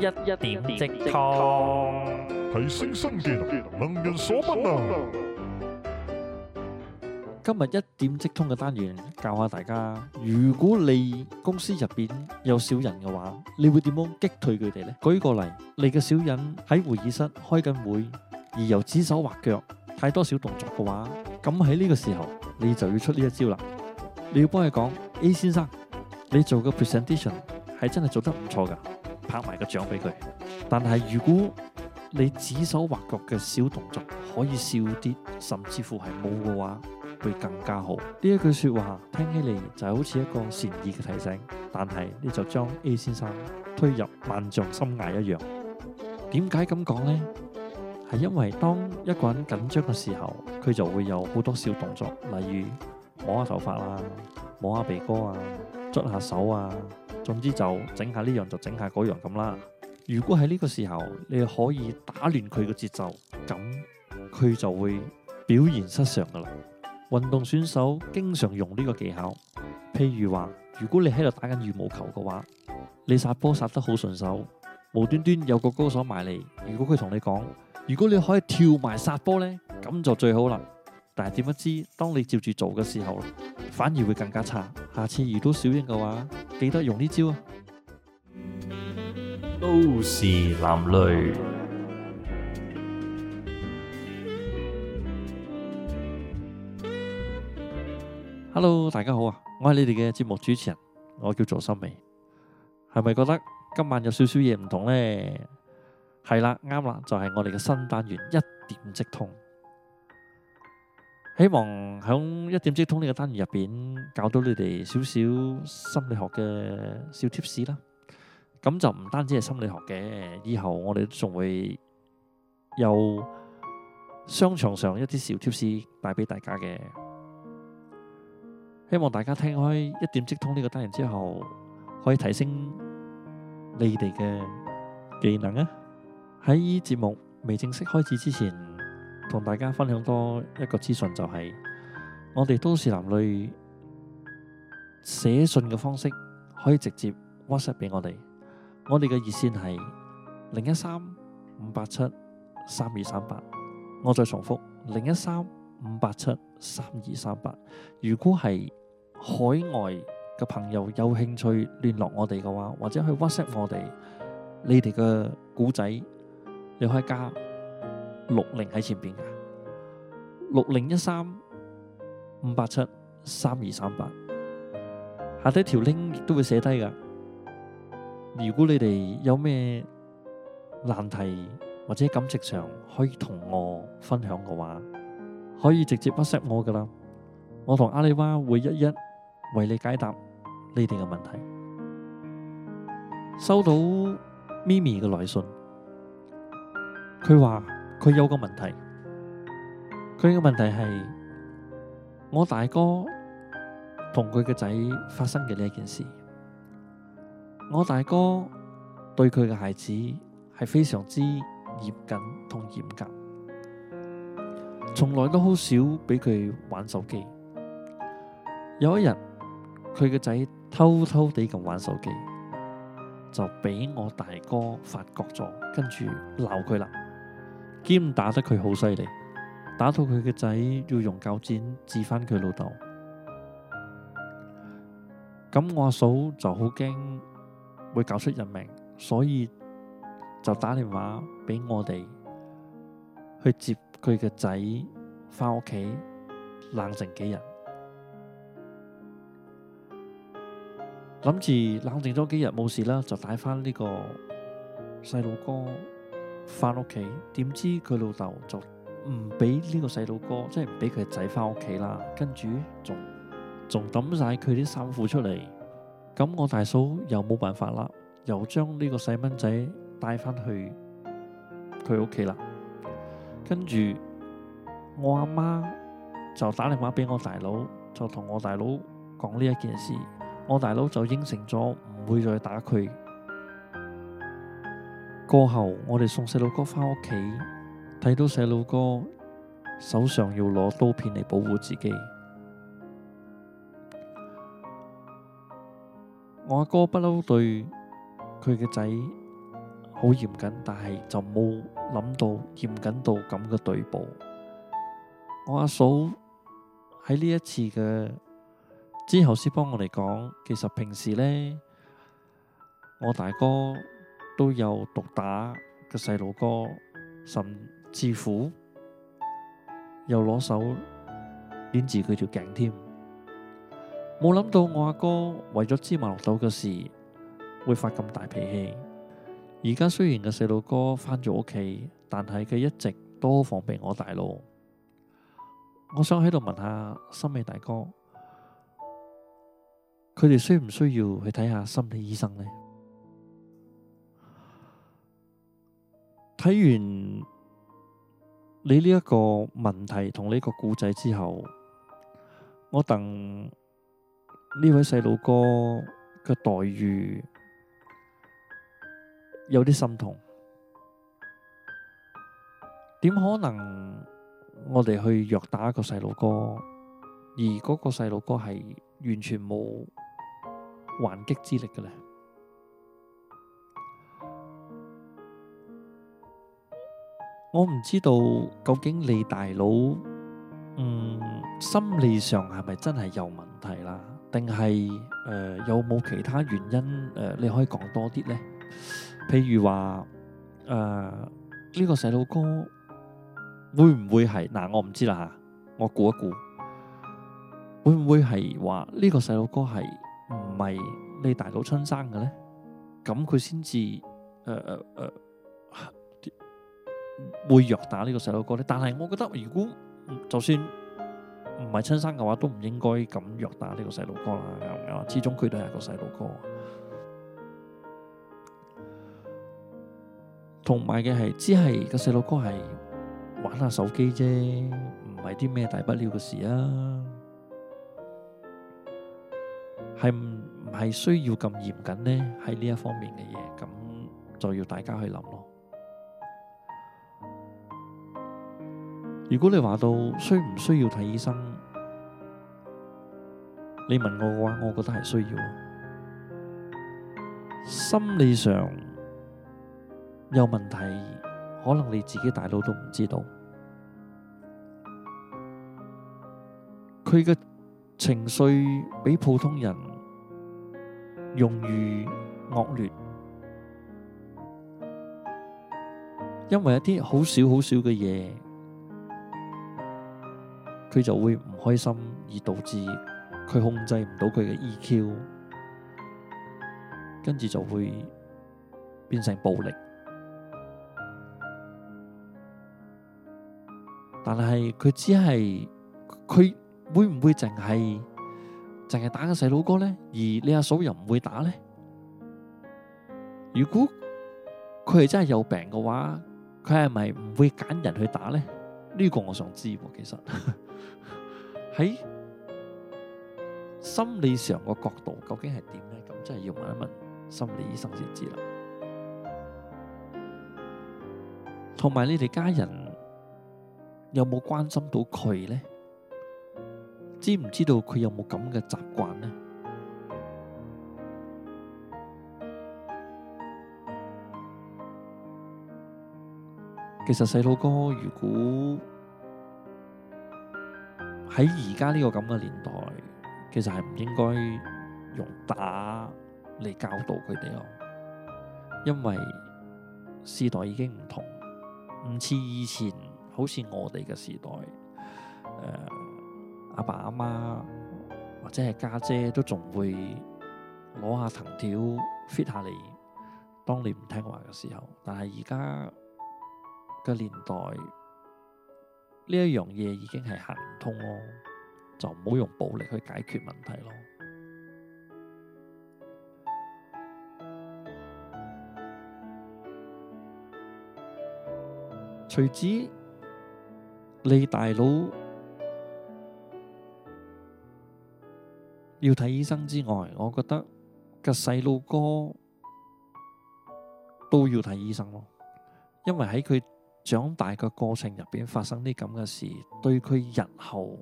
一一點,一點即通，提升新技能，能人所不能。今日一點即通嘅單元，教下大家。如果你公司入邊有小人嘅話，你會點樣擊退佢哋呢？舉個例，你嘅小人喺會議室開緊會，而又指手畫腳，太多小動作嘅話，咁喺呢個時候，你就要出呢一招啦。你要幫佢講，A 先生，你做嘅 presentation 係真係做得唔錯噶。拍埋個掌俾佢，但係如果你指手畫腳嘅小動作可以少啲，甚至乎係冇嘅話，會更加好。呢一句說話聽起嚟就好似一個善意嘅提醒，但係你就將 A 先生推入萬丈深淵一樣。點解咁講呢？係因為當一個人緊張嘅時候，佢就會有好多小動作，例如摸下頭髮啊，摸下鼻哥啊，捽下手啊。總之就整下呢樣就整下嗰樣咁啦。如果喺呢個時候你可以打亂佢嘅節奏，咁佢就會表現失常㗎啦。運動選手經常用呢個技巧，譬如話，如果你喺度打緊羽毛球嘅話，你殺波殺得好順手，無端端有個高手埋嚟，如果佢同你講，如果你可以跳埋殺波呢，咁就最好啦。但係點不知，當你照住做嘅時候，反而會更加差。下次遇到小英嘅話，記得用呢招啊！都市男女。Hello，大家好啊！我係你哋嘅節目主持人，我叫做心美。係咪覺得今晚有少少嘢唔同呢？係啦，啱啦，就係我哋嘅新單元一點即通。希望喺一點即通呢個單元入邊教到你哋少少心理學嘅小 tips 啦。咁就唔單止係心理學嘅，以後我哋仲會有商場上一啲小 tips 帶俾大家嘅。希望大家聽開一點即通呢個單元之後，可以提升你哋嘅技能啊！喺節目未正式開始之前。同大家分享多一個資訊就係，我哋都市男女寫信嘅方式可以直接 WhatsApp 俾我哋，我哋嘅熱線係零一三五八七三二三八，我再重複零一三五八七三二三八。如果係海外嘅朋友有興趣聯絡我哋嘅話，或者去 WhatsApp 我哋，你哋嘅古仔你可以加。六零喺前邊噶，六零一三五八七三二三八，下低條 link 都會寫低噶。如果你哋有咩難題或者感情上可以同我分享嘅話，可以直接不 s 我噶啦，我同阿里娃會一一為你解答你哋嘅問題。收到咪咪嘅來信，佢話。佢有個問題，佢個問題係我大哥同佢嘅仔發生嘅呢件事，我大哥對佢嘅孩子係非常之嚴謹同嚴格，從來都好少俾佢玩手機。有一日，佢嘅仔偷偷地咁玩手機，就俾我大哥發覺咗，跟住鬧佢啦。兼打得佢好犀利，打到佢嘅仔要用鉸剪拮翻佢老豆。咁我阿嫂就好驚會搞出人命，所以就打電話俾我哋去接佢嘅仔返屋企冷靜幾日。諗住冷靜咗幾日冇事啦，就帶返呢個細路哥。翻屋企，點知佢老豆就唔俾呢個細路哥，即係唔俾佢仔翻屋企啦。跟住仲仲抌晒佢啲衫褲出嚟。咁我大嫂又冇辦法啦，又將呢個細蚊仔帶翻去佢屋企啦。跟住我阿媽就打電話俾我大佬，就同我大佬講呢一件事。我大佬就應承咗唔會再打佢。過後我哋送細路哥返屋企，睇到細路哥手上要攞刀片嚟保護自己，我阿哥不嬲對佢嘅仔好嚴謹，但係就冇諗到嚴謹到咁嘅地步。我阿嫂喺呢一次嘅之後先幫我哋講，其實平時呢，我大哥。都有毒打個細路哥，甚至乎又攞手擰住佢條頸添。冇諗到我阿哥為咗芝麻綠豆嘅事會發咁大脾氣。而家雖然個細路哥翻咗屋企，但係佢一直都防備我大佬。我想喺度問下心理大哥，佢哋需唔需要去睇下心理醫生呢？睇完你呢一個問題同呢個故仔之後，我等呢位細路哥嘅待遇有啲心痛。點可能我哋去虐打一個細路哥，而嗰個細路哥係完全冇還擊之力嘅咧？我唔知道究竟你大佬嗯，心理上係咪真係有問題啦？定係誒有冇其他原因誒？你可以講多啲咧，譬如話誒呢個細路哥會唔會係？嗱，我唔知啦吓，我估一估會唔會係話呢個細路哥係唔係你大佬親生嘅咧？咁佢先至誒誒誒。會虐打呢個細路哥咧，但係我覺得如果就算唔係親生嘅話，都唔應該咁虐打呢個細路哥啦。咁樣，始終佢都係個細路哥。同埋嘅係，只係個細路哥係玩下手機啫，唔係啲咩大不了嘅事啊。係唔係需要咁嚴謹呢？喺呢一方面嘅嘢，咁就要大家去諗咯。如果你話到需唔需要睇醫生，你問我嘅話，我覺得係需要。心理上有問題，可能你自己大佬都唔知道。佢嘅情緒比普通人容易惡劣，因為一啲好少好少嘅嘢，佢就會唔開心，而導致佢控制唔到佢嘅 EQ，跟住就會變成暴力。但係佢只係佢會唔會淨係淨係打個細佬哥呢？而你阿嫂又唔會打呢？如果佢係真係有病嘅話，佢係咪唔會揀人去打呢？呢個我想知，其實。喺心理上個角度，究竟係點呢？咁真係要問一問心理醫生先知啦。同埋，你哋家人有冇關心到佢呢？知唔知道佢有冇咁嘅習慣呢？其實細路哥，如果喺而家呢個咁嘅年代，其實係唔應該用打嚟教導佢哋咯，因為時代已經唔同，唔似以前，好似我哋嘅時代，呃，阿爸阿媽或者係家姐都仲會攞下藤條 fit 下你，當你唔聽話嘅時候，但係而家嘅年代，呢一樣嘢已經係行唔通咯，就唔好用暴力去解決問題咯。除咗，你大佬要睇醫生之外，我覺得個細路哥都要睇醫生咯，因為喺佢。長大嘅過程入邊發生啲咁嘅事，對佢日後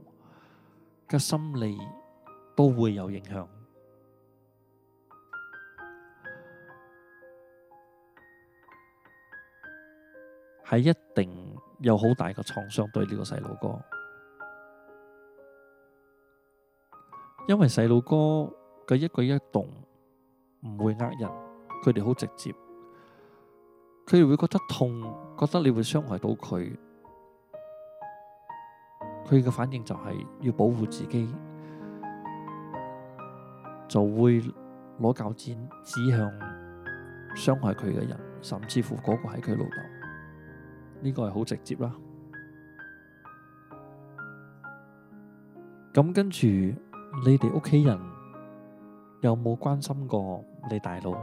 嘅心理都會有影響，係一定有好大嘅創傷對呢個細路哥，因為細路哥嘅一舉一動唔會呃人，佢哋好直接，佢哋會覺得痛。覺得你會傷害到佢，佢嘅反應就係要保護自己，就會攞鉸剪指向傷害佢嘅人，甚至乎嗰個係佢老豆。呢個係好直接啦。咁跟住你哋屋企人有冇關心過你大佬？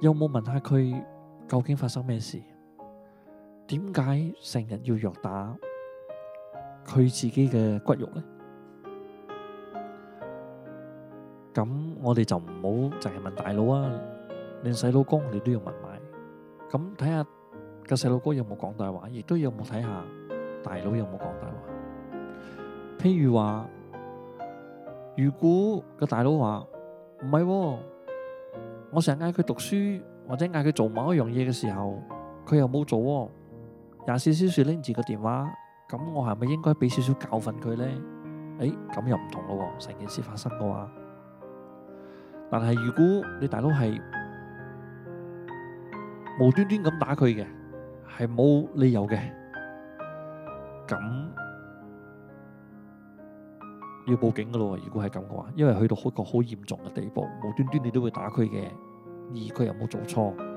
有冇問下佢究竟發生咩事？點解成日要虐打佢自己嘅骨肉呢？咁我哋就唔好淨係問大佬啊，連細路哥你都要問埋。咁睇下個細路哥有冇講大話，亦都有冇睇下大佬有冇講大話。譬如話，如果個大佬話唔係，我成日嗌佢讀書或者嗌佢做某一樣嘢嘅時候，佢又冇做啊。廿四小時拎住個電話，咁我係咪應該俾少少教訓佢咧？誒、哎，咁又唔同咯。成件事發生嘅話，但係如果你大佬係無端端咁打佢嘅，係冇理由嘅，咁要報警噶咯。如果係咁嘅話，因為去到好個好嚴重嘅地步，無端端你都會打佢嘅，而佢又冇做錯。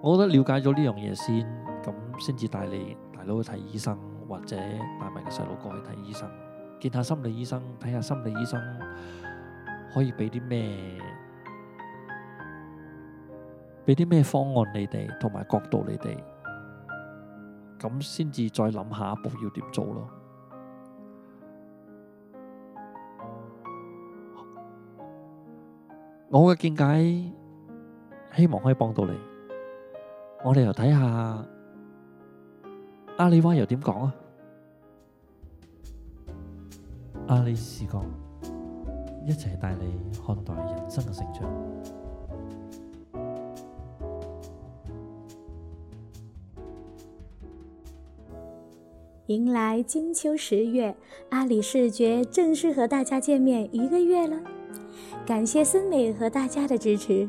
我覺得了解咗呢樣嘢先，咁先至帶你大佬去睇醫生，或者帶埋個細路過去睇醫生，見下心理醫生，睇下心理醫生可以畀啲咩，俾啲咩方案你哋，同埋角度你哋，咁先至再諗下一步要點做咯。我嘅見解，希望可以幫到你。我哋又睇下阿里灣又點講啊？阿里視覺一齊帶你看待人生嘅成長。迎來金秋十月，阿里視覺正式和大家見面一個月啦！感謝森美和大家嘅支持。